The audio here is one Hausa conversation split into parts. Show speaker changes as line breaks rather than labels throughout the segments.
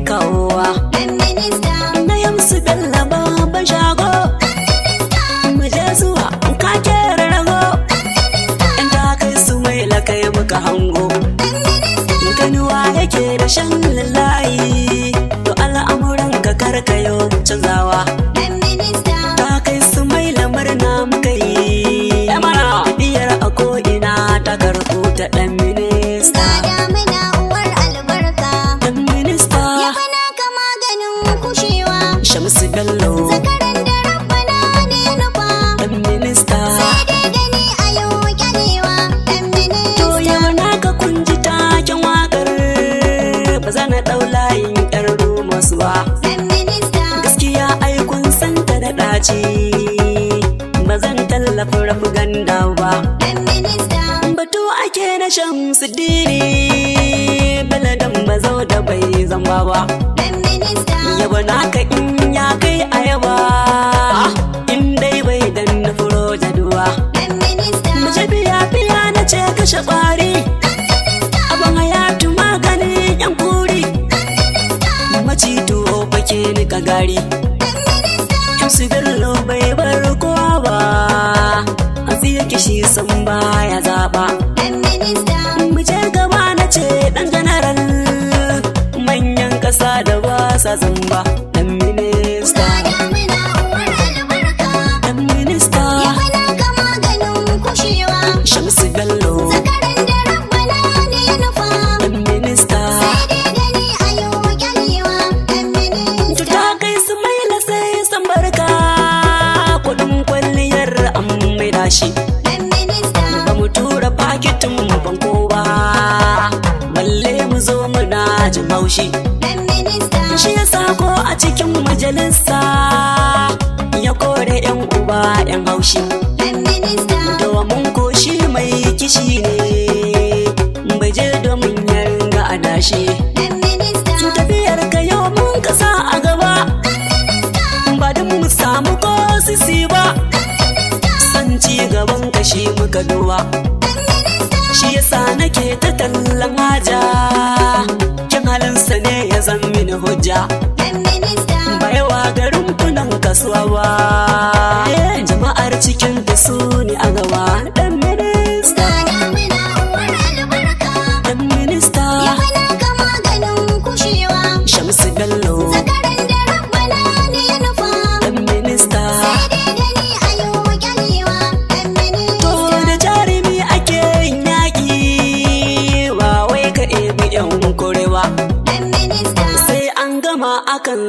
mai kawowa. Ɗan Na yamsu Bello babban shago. Ɗan zuwa in ka kera rago. Ɗan su mai lakai muka hango. Ɗan minista. Ganuwa yake da shan lallayi. To al'amuran ka karkayo canzawa. ce ba zan tallafa rafi ganda ba batu ake na shamsu dini baladan ba zau da bai zamba ba yaba ka in ya kai ayaba, in dai bai dan na furo jaduwa mace biya biya na ce kashe ƙwari abin hayatu maganin yan kuri maci bake ni ka gari baya zaba dan minista gaba na ce ɗan janaral manyan ƙasa da ba sa zamba haushi shi ya sako a cikin majalisa ya kore yan uba yan haushi dawa mun koshi mai kishi ne bai je domin ya ringa a dashi tafiyar ka yau mun kasa a gaba ba mu samu ko sisi ba san ci gaban kashi muka duwa shi nake ta tallan haja hujja. Yan minista. Baiwa garin kunan kasuwa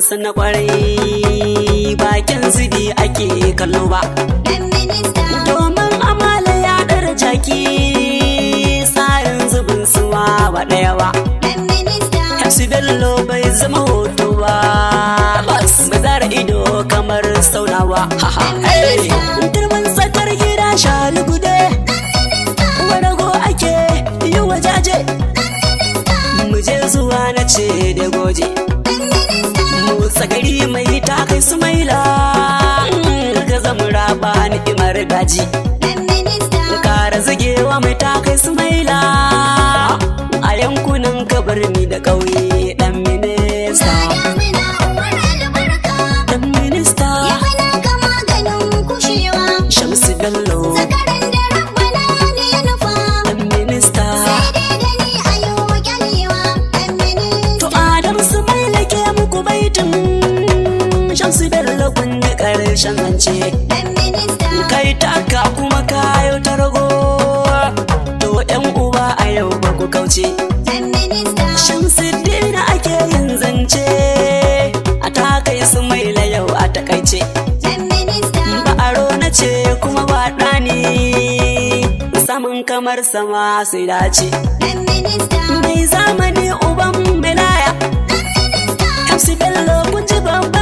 sa na kwarai bakin zubi ake kallo ba domin amala ya dara jaki tsarin zubin suwa ba ɗaya ba bello bai zama hoto ba ba zara ido kamar saunawa girman tsakar gida shalugude warago ake yi wajaje Muje zuwa na ce da goje gari mai ta kai su maila ga zamu raba ni'imar daji kara zagewa mai ta kai su maila a yankunan kabarni da ƙauye dan minista dan minista ya hana ga maganin kushewa shamsu bello kai taka kuma kayo ta to yan uba a yau ba ku kauce shamsuddin ake yin zance a takai su mai yau a takaice ba a rona ce kuma ba ɗani saman kamar sama su dace mai zamani uban bilaya Kamsi Bello kun ji babba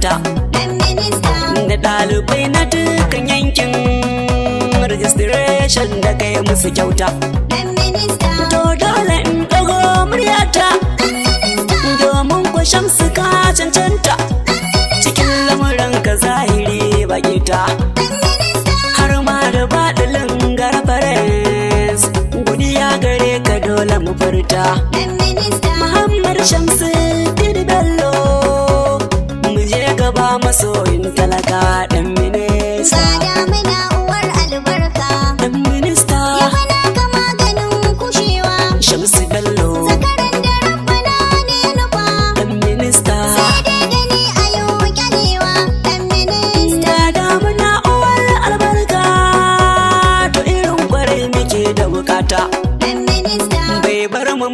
makaranta da ɗalibai na dukkan yankin registration da kai musu kyauta to dole in ɗago muryata domin ku shamsu ka cancanta cikin lamuran ka zahiri bakita har ma da baɗilin garfarens ya gare ka dole mu furta muhammad shamsu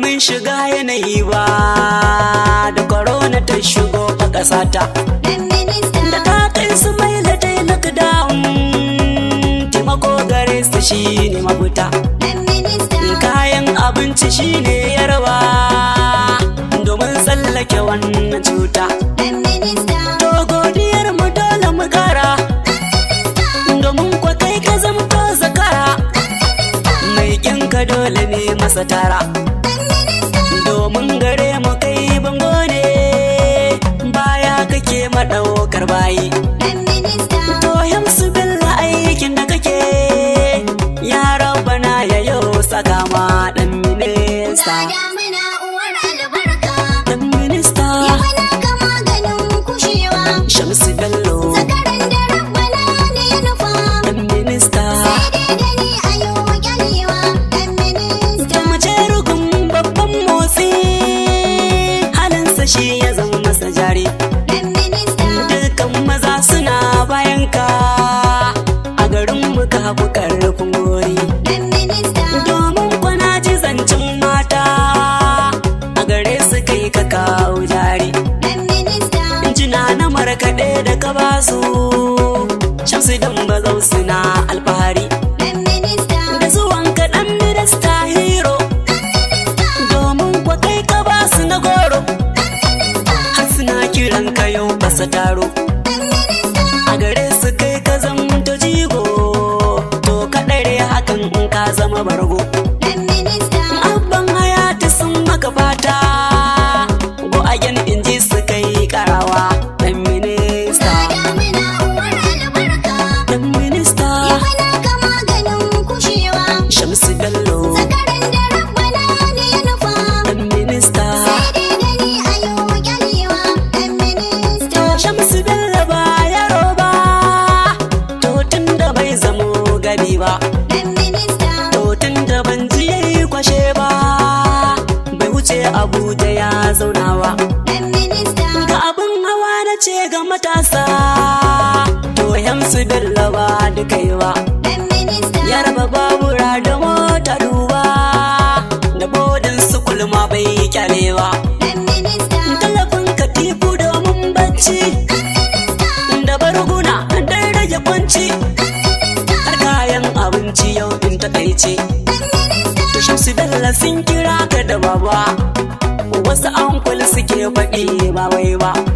mun shiga yanayi ba da korona ta shigo a ƙasata da ta kai su mai da ta yi lockdown taimako gare su shi ne mabuta kayan abinci shi ne yarwa domin tsallake wannan cuta to godiyar mu dole domin kwa kai zakara mai dole ne masa tara saka ma ɗan minista. Ɗan minista. Shamsu Bello. Zakaran da rabbana ne nufa. Ɗan minista. Sai dai gani a yi wa gyalewa. Ɗan minista. Da mace babban motsi. Halinsa shi ya zama masa jari. Ɗan minista. Dukan maza suna bayan ka. alfahari su bellaba da kaiwa ya raba babura da mota duba da bodin su kulma bai kyalewa talafin katifu domin bacci da barguna don rage kwanci har kayan abinci yau in takaice to shamsu bella sun kira ka da baba wasu ankul suke faɗi ba wai ba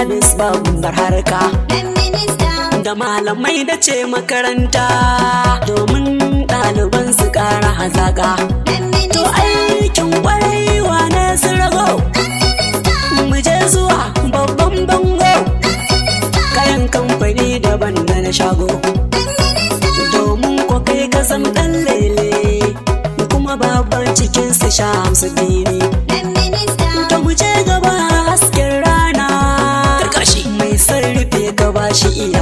hadis ba bar harka da malamai da ce makaranta domin ɗaliban su ƙara hazaka. to aikin ƙwarewa na su rago mu je zuwa babban bango kayan kamfani daban da na shago domin ko kai ɗan lele kuma babban cikinsu sha hamsu dini 蜥蜴。